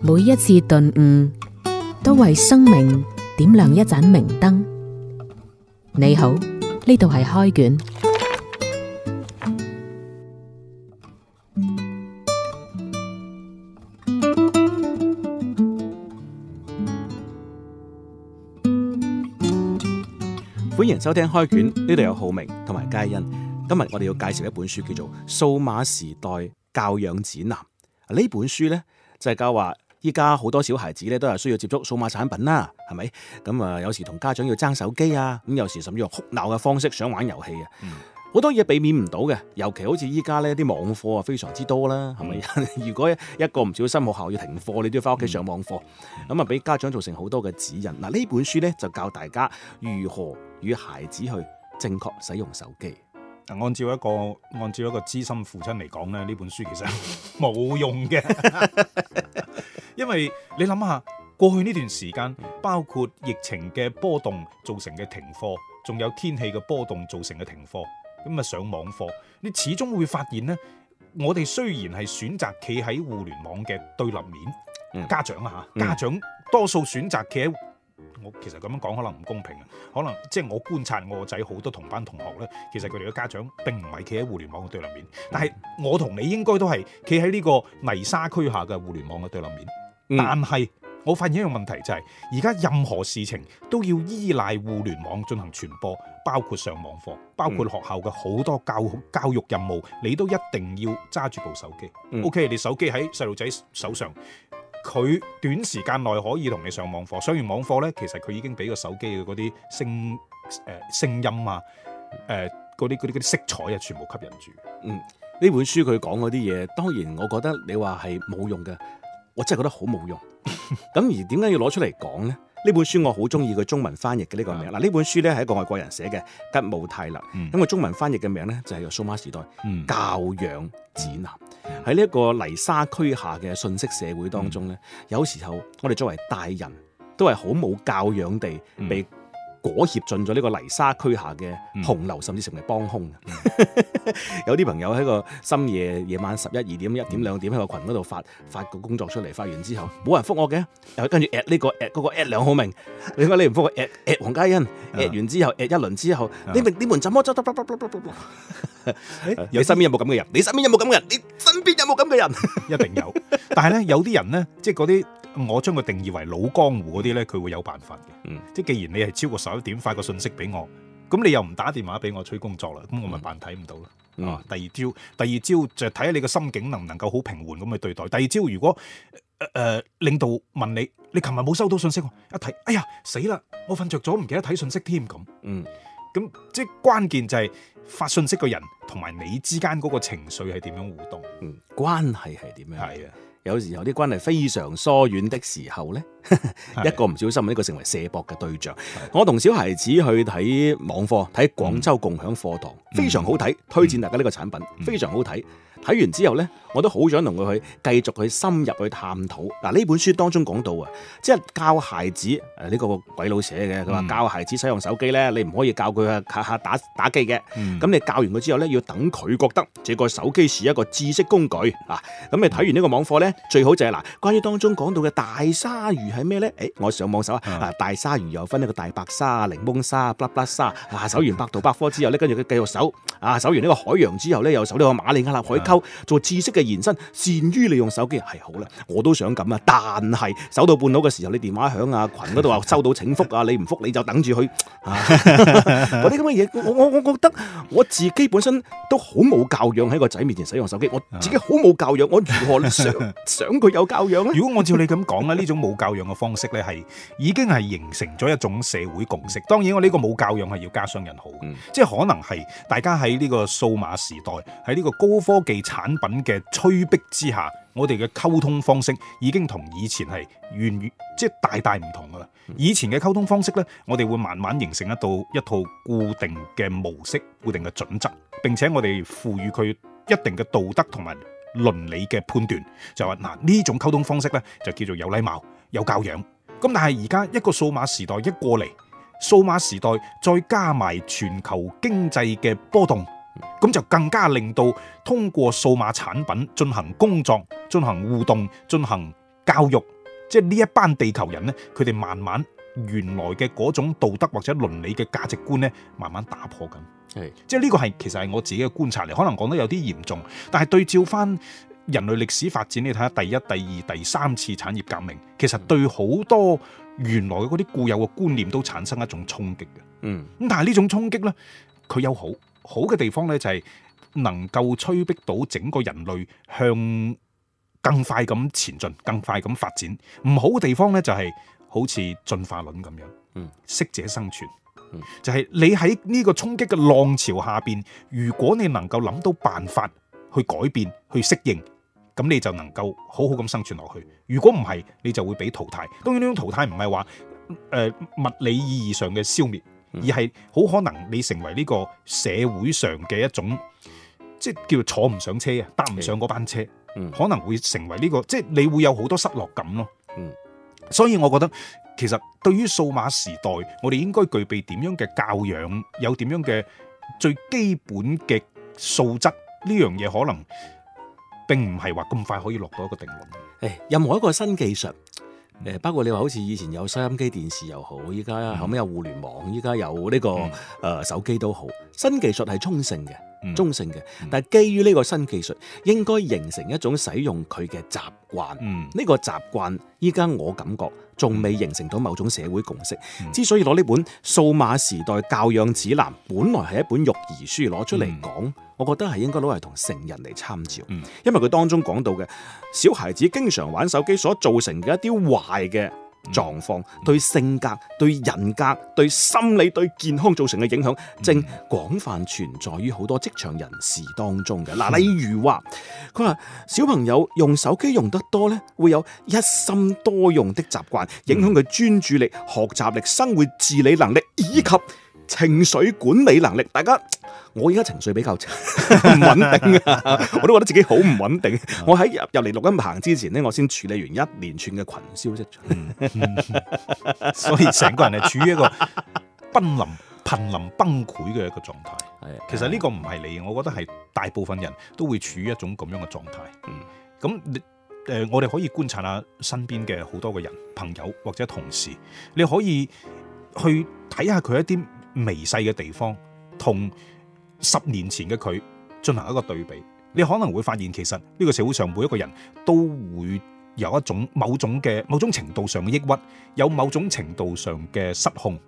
每一次頓悟，都為生命點亮一盞明燈。你好，呢度係開卷，歡迎收聽開卷。呢度有浩明同埋佳欣。今日我哋要介紹一本書，叫做《數碼時代教養指南》。呢本書呢。即係講話，依家好多小孩子咧都係需要接觸數碼產品啦，係咪？咁啊，有時同家長要爭手機啊，咁有時甚至用哭鬧嘅方式想玩遊戲啊，好、嗯、多嘢避免唔到嘅。尤其好似依家呢啲網課啊，非常之多啦，係咪？嗯、 如果一個唔小心學校要停課，你都要翻屋企上網課，咁啊、嗯，俾家長造成好多嘅指引。嗱，呢本書呢就教大家如何與孩子去正確使用手機。按照一個按照一個資深父親嚟講咧，呢本書其實冇用嘅， 因為你諗下過去呢段時間，包括疫情嘅波動造成嘅停課，仲有天氣嘅波動造成嘅停課，咁啊上網課，你始終會發現呢，我哋雖然係選擇企喺互聯網嘅對立面，家長啊嚇，家長多數選擇企喺。我其實咁樣講可能唔公平啊，可能即係我觀察我個仔好多同班同學呢，其實佢哋嘅家長並唔係企喺互聯網嘅對立面，嗯、但係我同你應該都係企喺呢個泥沙區下嘅互聯網嘅對立面。嗯、但係我發現一個問題就係、是，而家任何事情都要依賴互聯網進行傳播，包括上網課，包括學校嘅好多教教育任務，你都一定要揸住部手機。嗯、o、okay, K，你手機喺細路仔手上。佢短時間內可以同你上網課，上完網課咧，其實佢已經俾個手機嘅嗰啲聲誒聲音啊，誒嗰啲啲啲色彩啊，全部吸引住。嗯，呢本書佢講嗰啲嘢，當然我覺得你話係冇用嘅，我真係覺得好冇用。咁 而點解要攞出嚟講咧？呢本書我好中意佢中文翻譯嘅呢個名，嗱呢、嗯、本書咧係一個外國人寫嘅《吉姆泰勒》嗯，咁個中文翻譯嘅名咧就係、個《數碼時代、嗯、教養指南》嗯。喺呢一個泥沙俱下嘅信息社會當中咧，嗯、有時候我哋作為大人都係好冇教養地被，裹挾進咗呢個泥沙區下嘅洪流，甚至成為幫兇。有啲朋友喺個深夜夜晚十一二點一點兩點，喺個羣嗰度發發個工作出嚟，發完之後冇人覆我嘅，又跟住 at 呢個 at 嗰個 at 兩號名，點解你唔覆我 at at 黃嘉欣 at 完之後 at 一輪之後，你你們怎麼咁？你身邊有冇咁嘅人？你身邊有冇咁嘅人？你身邊有冇咁嘅人？一定有，但係咧有啲人咧，即係嗰啲。我將佢定義為老江湖嗰啲咧，佢會有辦法嘅。即係、嗯、既然你係超過十一點發個信息俾我，咁你又唔打電話俾我催工作啦，咁我咪扮睇唔到咯。嗯嗯、啊，第二招，第二招就係睇下你個心境能唔能夠好平緩咁去對待。第二招，如果誒、呃、領導問你，你琴日冇收到信息，一睇，哎呀死啦，我瞓着咗，唔記得睇信息添咁。嗯，咁即係關鍵就係發信息嘅人同埋你之間嗰個情緒係點樣互動、嗯，關係係點樣？係啊。有時候啲關係非常疏遠的時候呢， 一個唔小心呢個成為卸膊嘅對象。的我同小孩子去睇網課，睇廣州共享課堂，嗯、非常好睇，嗯、推薦大家呢個產品，嗯、非常好睇。睇完之後呢，我都好想同佢去繼續去深入去探討。嗱、啊，呢本書當中講到啊，即係教孩子誒呢、啊這個鬼佬寫嘅，佢話、嗯、教孩子使用手機呢，你唔可以教佢啊下打打機嘅。咁、嗯、你教完佢之後呢，要等佢覺得這個手機是一個知識工具啊。咁你睇完呢個網課呢，最好就係、是、嗱、啊，關於當中講到嘅大鯊魚係咩呢？誒、欸，我上網搜、嗯、啊，大鯊魚又分一個大白鯊啊、檸檬鯊、ah ah、啊、啦不鯊啊。搜完百度百科之後呢，跟住佢繼續搜啊，搜完呢個海洋之後呢，又搜呢個馬里克納海溝。啊啊做知識嘅延伸，善於利用手機係好啦，我都想咁啊！但係走到半路嘅時候，你電話響啊，群嗰度話收到請覆啊， 你唔覆你就等住佢嗰啲咁嘅嘢，啊、 我我我覺得我自己本身都好冇教養喺個仔面前使用手機，我自己好冇教養，我如何想 想佢有教養咧？如果按照你咁講咧，呢 種冇教養嘅方式咧，係已經係形成咗一種社會共識。當然我呢個冇教養係要加雙引號嘅，嗯、即係可能係大家喺呢個數碼時代，喺呢個高科技。產品嘅催逼之下，我哋嘅溝通方式已經同以前係完全即係大大唔同㗎喇。以前嘅溝通方式呢，我哋會慢慢形成一套一套固定嘅模式、固定嘅準則，並且我哋賦予佢一定嘅道德同埋倫理嘅判斷，就話嗱，呢種溝通方式呢，就叫做有禮貌、有教養。咁但係而家一個數碼時代一過嚟，數碼時代再加埋全球經濟嘅波動。咁就更加令到通過數碼產品進行工作、進行互動、進行教育，即係呢一班地球人呢，佢哋慢慢原來嘅嗰種道德或者倫理嘅價值觀呢，慢慢打破緊。係是即係呢個係其實係我自己嘅觀察嚟，可能講得有啲嚴重，但係對照翻人類歷史發展，你睇下第一、第二、第三次產業革命，其實對好多原來嘅嗰啲固有嘅觀念都產生一種衝擊嘅。嗯，咁但係呢種衝擊呢，佢有好。好嘅地方呢，就係能夠催逼到整個人類向更快咁前進，更快咁發展。唔好嘅地方呢，就係好似進化論咁樣，嗯，適者生存，嗯，就係你喺呢個衝擊嘅浪潮下邊，如果你能夠諗到辦法去改變、去適應，咁你就能夠好好咁生存落去。如果唔係，你就會俾淘汰。當然呢種淘汰唔係話誒物理意義上嘅消滅。而係好可能你成為呢個社會上嘅一種，即係叫做坐唔上車啊，搭唔上嗰班車，的可能會成為呢、這個，即係你會有好多失落感咯。嗯的，所以我覺得其實對於數碼時代，我哋應該具備點樣嘅教養，有點樣嘅最基本嘅素質呢樣嘢，可能並唔係話咁快可以落到一個定論。誒，任何一個新技術。誒，包括你話好似以前有收音機、電視又好，依家後屘有互聯網，依家有呢個誒手機都好。新技術係中性嘅，嗯、中性嘅。嗯、但係基於呢個新技術，應該形成一種使用佢嘅習慣。呢、嗯、個習慣依家我感覺仲未形成到某種社會共識。嗯、之所以攞呢本《數碼時代教養指南》本來係一本育兒書攞出嚟講，嗯、我覺得係應該攞嚟同成人嚟參照，嗯、因為佢當中講到嘅小孩子經常玩手機所造成嘅一啲壞嘅狀況、嗯、對性格、嗯、對人格、對心理、對健康造成嘅影響，正廣泛存在於好多職場人士當中嘅。嗱、嗯，例如話，佢話小朋友用手機用得多咧，會有一心多用的習慣，影響佢專注力、學習力、生活自理能力以及情緒管理能力。大家。我而家情緒比較唔穩定啊！ 我都覺得自己好唔穩定。 我喺入入嚟錄音棚之前呢，我先處理完一連串嘅群消息， 嗯嗯、所以成個人係處於一個瀕臨、瀕臨崩潰嘅一個狀態。的其實呢個唔係你，我覺得係大部分人都會處於一種咁樣嘅狀態。嗯，咁誒，我哋可以觀察下身邊嘅好多個人、朋友或者同事，你可以去睇下佢一啲微細嘅地方同。十年前嘅佢進行一個對比，你可能會發現其實呢個社會上每一個人都會有一種某種嘅某種程度上嘅抑鬱，有某種程度上嘅失控。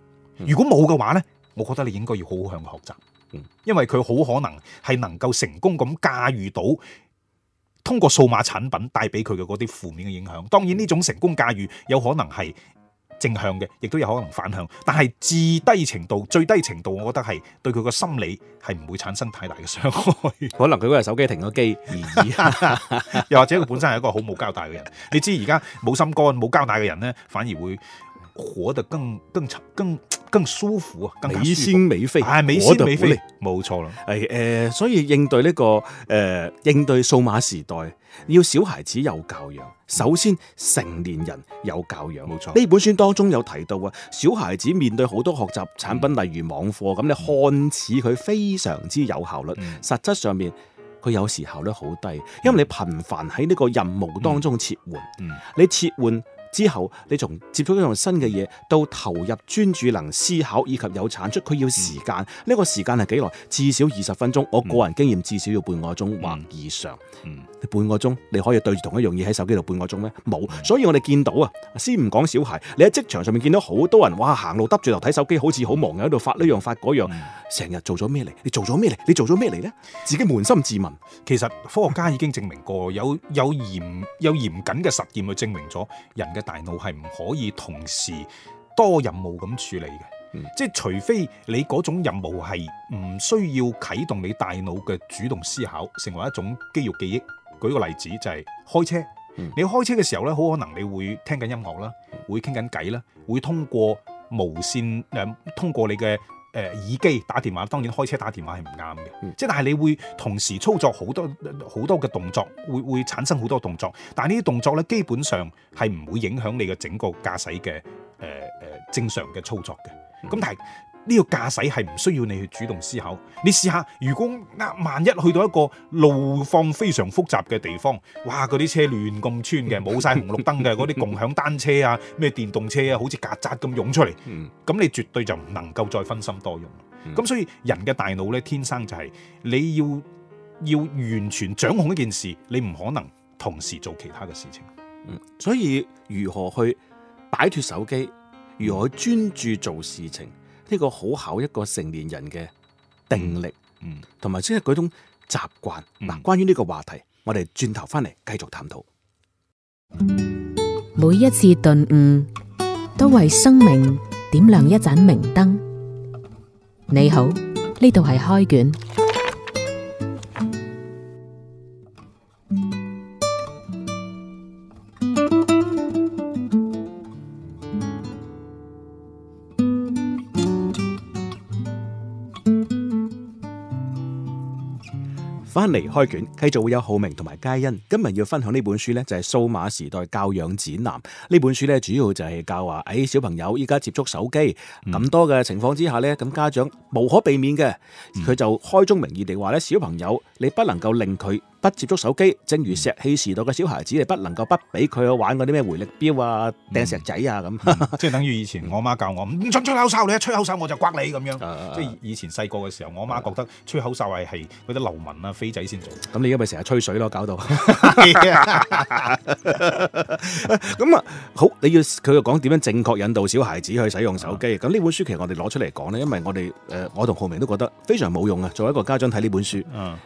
如果冇嘅話呢，我覺得你應該要好好向佢學習，因為佢好可能係能夠成功咁駕馭到通過數碼產品帶畀佢嘅嗰啲負面嘅影響。當然呢種成功駕馭有可能係。正向嘅，亦都有可能反向，但係至低程度，最低程度，我覺得係對佢個心理係唔會產生太大嘅傷害。可能佢嗰日手機停咗機， 而而， 又或者佢本身係一個好冇交代嘅人。 你知而家冇心肝、冇交代嘅人咧，反而會火得更更長更。更更舒服啊！更服美仙美飛，我哋冇錯啦。係誒、哎呃，所以應對呢、這個誒、呃，應對數碼時代，要小孩子有教養，嗯、首先成年人有教養，冇錯。呢本書當中有提到啊，小孩子面對好多學習產品，嗯、例如網課，咁、嗯、你看似佢非常之有效率，嗯、實質上面，佢有時效率好低，因為你頻繁喺呢個任務當中切換，你切換。嗯之後你從接觸一樣新嘅嘢到投入專注能思考以及有產出，佢要時間。呢、嗯、個時間係幾耐？至少二十分鐘。我個人經驗至少要半個鐘或、嗯、以上。嗯，半個鐘你可以對住同一樣嘢喺手機度半個鐘咩？冇。嗯、所以我哋見到啊，先唔講小孩，你喺職場上面見到好多人，哇，行路耷住頭睇手機，好似好忙嘅喺度發呢樣發嗰樣，成、嗯、日做咗咩嚟？你做咗咩嚟？你做咗咩嚟呢？自己捫心自問。其實科學家已經證明過，有有，有，有嚴有嚴謹嘅實驗去證明咗人嘅大腦係唔可以同時多任務咁處理嘅。嗯、即係除非你嗰種任務係唔需要啟動你大腦嘅主動思考，成為一種肌肉記憶。舉個例子就係、係、開車，嗯、你開車嘅時候呢，好可能你會聽緊音樂啦，會傾緊偈啦，會通過無線誒、呃，通過你嘅。耳機打電話，當然開車打電話係唔啱嘅，即係、嗯、但係你會同時操作好多好多嘅動作，會會產生好多動作，但係呢啲動作咧基本上係唔會影響你嘅整個駕駛嘅誒誒正常嘅操作嘅，咁、嗯、但係。呢個駕駛係唔需要你去主動思考。你試下，如果啊，萬一去到一個路況非常複雜嘅地方，哇，嗰啲車亂咁穿嘅，冇晒紅綠燈嘅，嗰啲 共享單車啊，咩電動車啊，好似曱甴咁湧出嚟，咁、嗯、你絕對就唔能夠再分心多用。咁、嗯、所以人嘅大腦咧天生就係、是、你要要完全掌控一件事，你唔可能同時做其他嘅事情、嗯。所以如何去擺脫手機，如何去專注做事情？呢個好考一個成年人嘅定力，嗯，同埋即係嗰種習慣。嗱，關於呢個話題，我哋轉頭翻嚟繼續探討。每一次頓悟，都為生命點亮一盞明燈。你好，呢度係開卷。翻嚟開卷，繼續會有浩明同埋佳欣，今日要分享呢本書呢、就係，就係《數碼時代教養指南》呢本書呢，主要就係教話誒小朋友依家接觸手機咁、嗯、多嘅情況之下呢，咁家長無可避免嘅，佢就開宗明義地話咧，小朋友你不能夠令佢。不接觸手機，正如石器時代嘅小孩子，你不能夠不俾佢去玩嗰啲咩回力鏢啊、掟石仔啊咁。即係等於以前我媽教我唔准吹口哨，你一吹口哨我就刮你咁樣。即係以前細個嘅時候，我阿媽覺得吹口哨係係嗰啲流民啊、飛仔先做。咁你依家咪成日吹水咯，搞到。咁啊，好，你要佢又講點樣正確引導小孩子去使用手機？咁呢本書其實我哋攞出嚟講呢，因為我哋誒，我同浩明都覺得非常冇用啊。作為一個家長睇呢本書，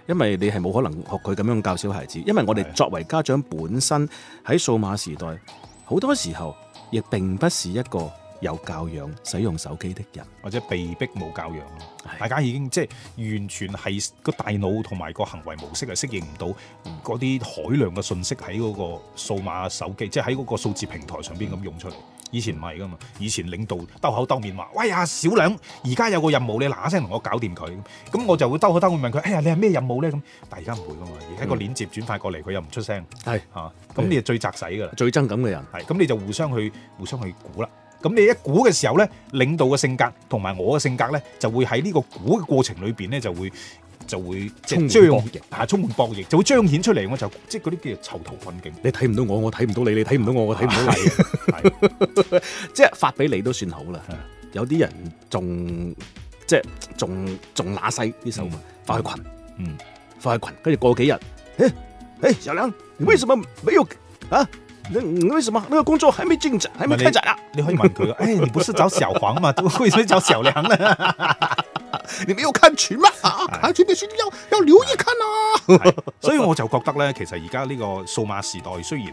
因為你係冇可能學佢咁樣教小孩子，因為我哋作為家長本身喺數碼時代，好多時候亦並不是一個有教養使用手機的人，或者被逼冇教養是的 大家已經即、就是、完全係個大腦同埋個行為模式啊，係適應唔到嗰啲海量嘅信息喺嗰個數碼手機，即係喺嗰個數字平台上邊咁用出嚟。以前唔係噶嘛，以前領導兜口兜面話，喂啊，小梁，而家有個任務，你嗱嗱聲同我搞掂佢，咁我就會兜口兜面問佢，哎呀，你係咩任務咧？咁，但係而家唔會噶嘛，而家個鏈接轉發過嚟，佢又唔出聲。係，嚇，咁你就最扎使噶啦，最憎咁嘅人。係，咁你就互相去互相去估啦。咁你一估嘅時候咧，領導嘅性格同埋我嘅性格咧，就會喺呢個估嘅過程裏邊咧，就會。就會就充滿博、啊，吓充滿博弈，就會彰顯出嚟。我就即係嗰啲叫做囚徒困境，你睇唔到我，我睇唔到你。你睇唔到我，我睇唔到你。 即係發俾你都算好啦。有啲人仲即係仲仲乸細啲手法發去群，嗯，發、嗯、去群，跟住、嗯、過幾日，誒誒，小梁，你為什麼沒有啊？你你為什麼那個工作還沒進展，還沒開展啊？你，你可以問佢：「哎，你不是找小黃嘛，點會會找小梁呢？ 你沒有看群嗎？群群群有有劉亦坤啊！所以我就覺得呢，其實而家呢個數碼時代雖然誒、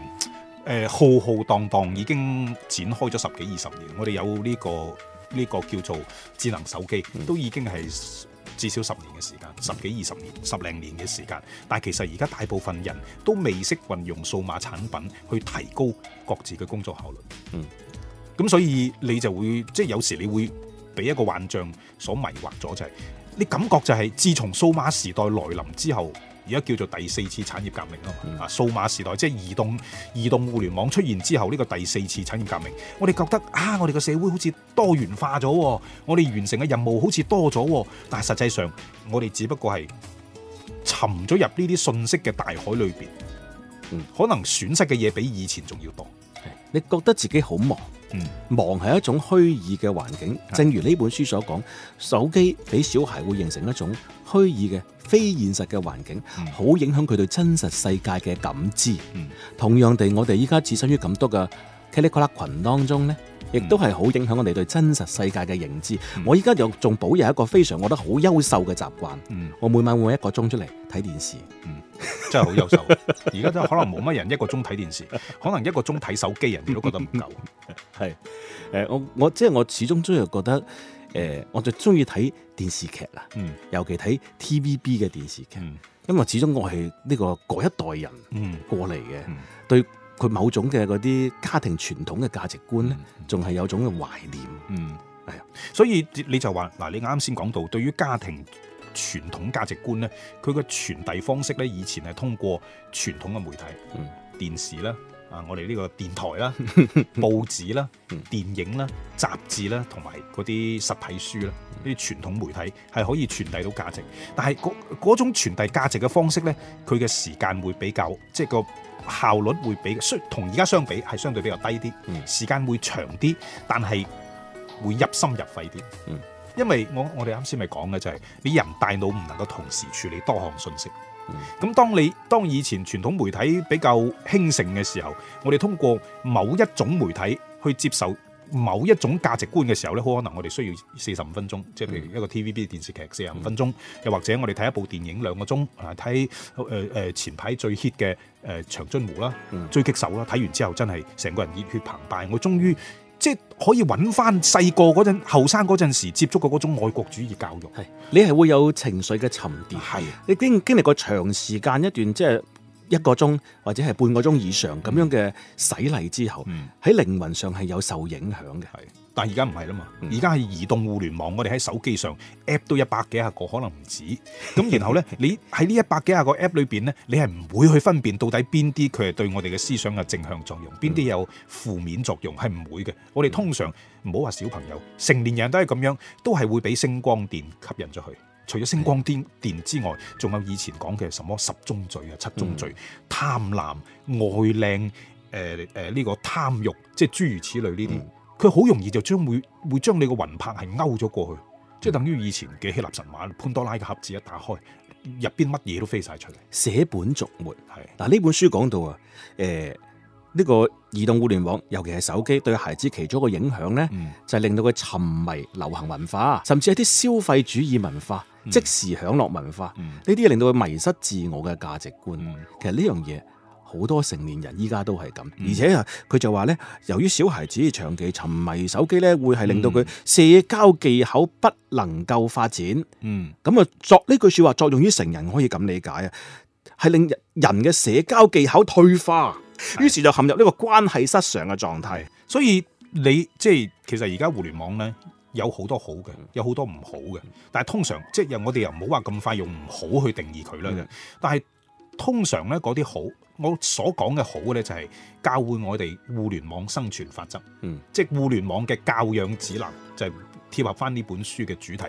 呃、浩浩蕩蕩已經展開咗十幾二十年，我哋有呢、呢個呢、呢個叫做智能手機，都已經係。嗯至少十年嘅時間，十幾二十年、十零年嘅時間。但係其實而家大部分人都未識運用數碼產品去提高各自嘅工作效率。嗯，咁所以你就會即係有時你會俾一個幻象所迷惑咗，就係你感覺就係自從數碼時代來臨之後。而家叫做第四次產業革命啊嘛，啊、嗯、數碼時代即係、即係、移動移動互聯網出現之後呢、呢個第四次產業革命，我哋覺得啊，我哋個社會好似多元化咗，我哋完成嘅任務好似多咗，但係實際上我哋只不過係沉咗入呢啲信息嘅大海裏邊，嗯、可能損失嘅嘢比以前仲要多。你覺得自己好忙？嗯、忙係一種虛擬嘅環境，的正如呢本書所講，手機俾小孩會形成一種虛擬嘅非現實嘅環境，好、嗯、影響佢對真實世界嘅感知。嗯、同樣地，我哋依家置身於咁多嘅。佢呢個群羣當中咧，亦都係好影響我哋對真實世界嘅認知。嗯、我依家又仲保有一個非常我覺得好優秀嘅習慣。嗯、我每晚會一個鐘出嚟睇電視，嗯、真係好優秀。而家都可能冇乜人一個鐘睇電視， 可能一個鐘睇手機，人哋都覺得唔夠。係誒、呃，我我即係我始終都係覺得誒、呃，我就中意睇電視劇啦。嗯、尤其睇 TVB 嘅電視劇，嗯、因為始終我係呢個嗰一代人過嚟嘅，對、嗯。嗯佢某種嘅嗰啲家庭傳統嘅價值觀咧，仲係、嗯、有種嘅懷念，嗯，係啊的，所以你就話嗱，你啱先講到對於家庭傳統價值觀咧，佢嘅傳遞方式咧，以前係通過傳統嘅媒體，嗯、電視啦。啊！我哋呢個電台啦、報紙啦、電影啦、雜誌啦，同埋嗰啲實體書啦，啲傳統媒體係可以傳遞到價值，但係嗰嗰種傳遞價值嘅方式呢，佢嘅時間會比較，即係個效率會比相同而家相比係相對比較低啲，時間會長啲，但係會入心入肺啲。因為我我哋啱先咪講嘅就係，你人大腦唔能夠同時處理多項信息。咁、嗯、當你當以前傳統媒體比較興盛嘅時候，我哋通過某一種媒體去接受某一種價值觀嘅時候呢，好可能我哋需要四十五分鐘，即係譬如一個 TVB 電視劇四十五分鐘，又或者我哋睇一部電影兩個鐘，啊睇誒前排最 hit 嘅誒、呃、長津湖啦，追擊手啦，睇完之後真係成個人熱血澎湃，我終於。即係可以揾翻細個嗰陣、後生嗰陣時接觸過嗰種愛國主義教育，你係會有情緒嘅沉澱，係的你經經歷過長時間一段，即係一個鐘或者係半個鐘以上咁樣嘅洗禮之後，嗯、喺靈魂上係有受影響嘅，係。而家唔係啦嘛，而家係移動互聯網，我哋喺手機上 App 都一百幾十個，可能唔止。咁然後呢，你喺呢一百幾十個 App 裏邊呢，你係唔會去分辨到底邊啲佢係對我哋嘅思想嘅正向作用，邊啲有負面作用，係唔會嘅。我哋通常唔好話小朋友，成年人都係咁樣，都係會俾聲光電吸引咗佢。除咗聲光電電之外，仲有以前講嘅什麼十宗罪啊、七宗罪、貪婪、愛靚、誒誒呢個貪欲，即係諸如此類呢啲。嗯。佢好容易就將會會將你個魂魄係勾咗過去，即係、嗯、等於以前嘅希臘神話潘多拉嘅盒子一打開，入邊乜嘢都飛晒出嚟。捨本逐末，係嗱呢本書講到啊，誒、呃、呢、呢個移動互聯網，尤其係手機對孩子其中一個影響咧，嗯、就係令到佢沉迷流行文化，甚至係啲消費主義文化、即時享樂文化呢啲，嗯嗯、令到佢迷失自我嘅價值觀，嗯嗯、其實呢樣嘢。好多成年人依家都係咁，嗯、而且啊，佢就話呢，由於小孩子長期沉迷手機呢，會係令到佢社交技巧不能夠發展。嗯，咁啊，作呢句説話作用於成人，可以咁理解啊，係令人嘅社交技巧退化，嗯、於是就陷入呢個關係失常嘅狀態。所以你即係其實而家互聯網呢，有好多好嘅，有好多唔好嘅，但係通常即係我哋又唔好話咁快用唔好去定義佢啦。嗯、但係通常呢，嗰啲好。我所講嘅好咧，就係教會我哋互聯網生存法則，嗯，即係互聯網嘅教養指南，就係貼合翻呢本書嘅主題。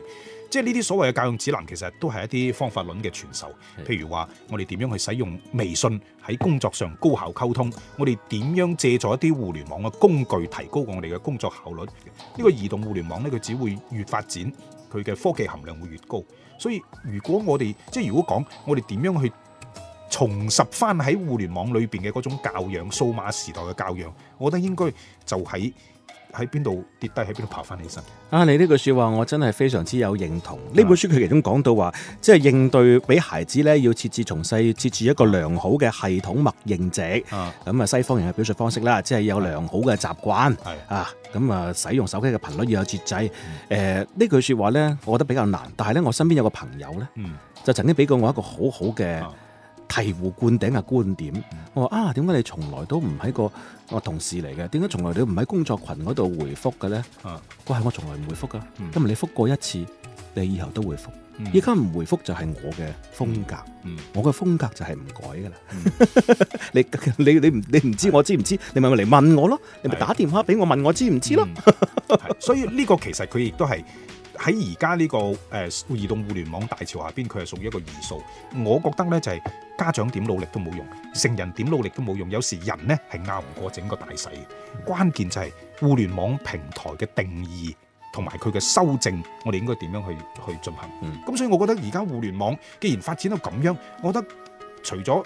即係呢啲所謂嘅教養指南，其實都係一啲方法論嘅傳授。譬如話，我哋點樣去使用微信喺工作上高效溝通？我哋點樣借助一啲互聯網嘅工具提高我哋嘅工作效率？呢個移動互聯網咧，佢只會越發展，佢嘅科技含量會越高。所以如果我哋即係如果講我哋點樣去重拾翻喺互聯網裏邊嘅嗰種教養，數碼時代嘅教養，我覺得應該就喺喺邊度跌低，喺邊度爬翻起身。啊，你呢句説話，我真係非常之有認同。呢吧本書佢其中講到話，即係應對俾孩子呢，要設置從細設置一個良好嘅系統默認值咁啊，吧西方人嘅表述方式啦，即係有良好嘅習慣吧啊。咁啊，使用手機嘅頻率要有節制。誒吧，呢、呃、句説話呢，我覺得比較難。但係呢，我身邊有個朋友呢，吧嗯、就曾經俾過我一個好好嘅醍醐灌頂嘅觀點，我話啊，點解你從來都唔喺個我同事嚟嘅？點解從來都唔喺工作群嗰度回覆嘅咧？佢係我從來唔回覆噶，今日你覆過一次，你以後都會覆。依家唔回覆就係我嘅風格，我嘅風格就係唔改噶啦。你你你唔你唔知我知唔知？你咪嚟問我咯，你咪打電話俾我問我知唔知咯。所以呢個其實佢亦都係。喺而家呢個誒、呃、移動互聯網大潮下邊，佢係屬於一個異數。我覺得呢就係、是、家長點努力都冇用，成人點努力都冇用。有時人呢係拗唔過整個大勢嘅。關鍵就係互聯網平台嘅定義同埋佢嘅修正，我哋應該點樣去去進行？咁、嗯、所以，我覺得而家互聯網既然發展到咁樣，我覺得，除咗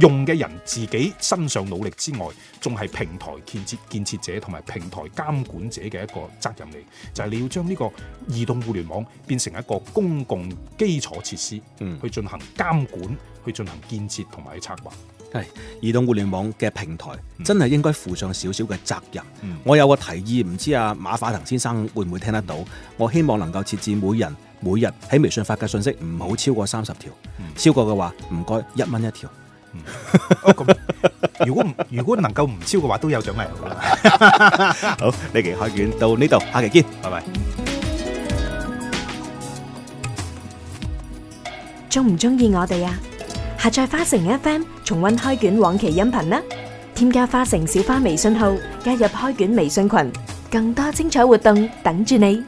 用嘅人自己身上努力之外，仲係平台建設建設者同埋平台監管者嘅一個責任嚟，就係你要將呢個移動互聯網變成一個公共基礎設施，嗯，去進行監管，去進行建設同埋去策劃。係移動互聯網嘅平台，嗯、真係應該負上少少嘅責任。嗯、我有個提議，唔知阿、啊、馬化騰先生會唔會聽得到？我希望能夠設置每人每日喺微信發嘅信息，唔好超過三十條，嗯、超過嘅話唔該一蚊一條。如果如果能夠唔超嘅話都有獎勵。 好，呢期開卷到呢度，下期見，拜拜。中唔中意我哋呀、啊？下載花城 FM 重溫開卷往期音頻啦！添加花城小花微信號，加入開卷微信群，更多精彩活動等住你。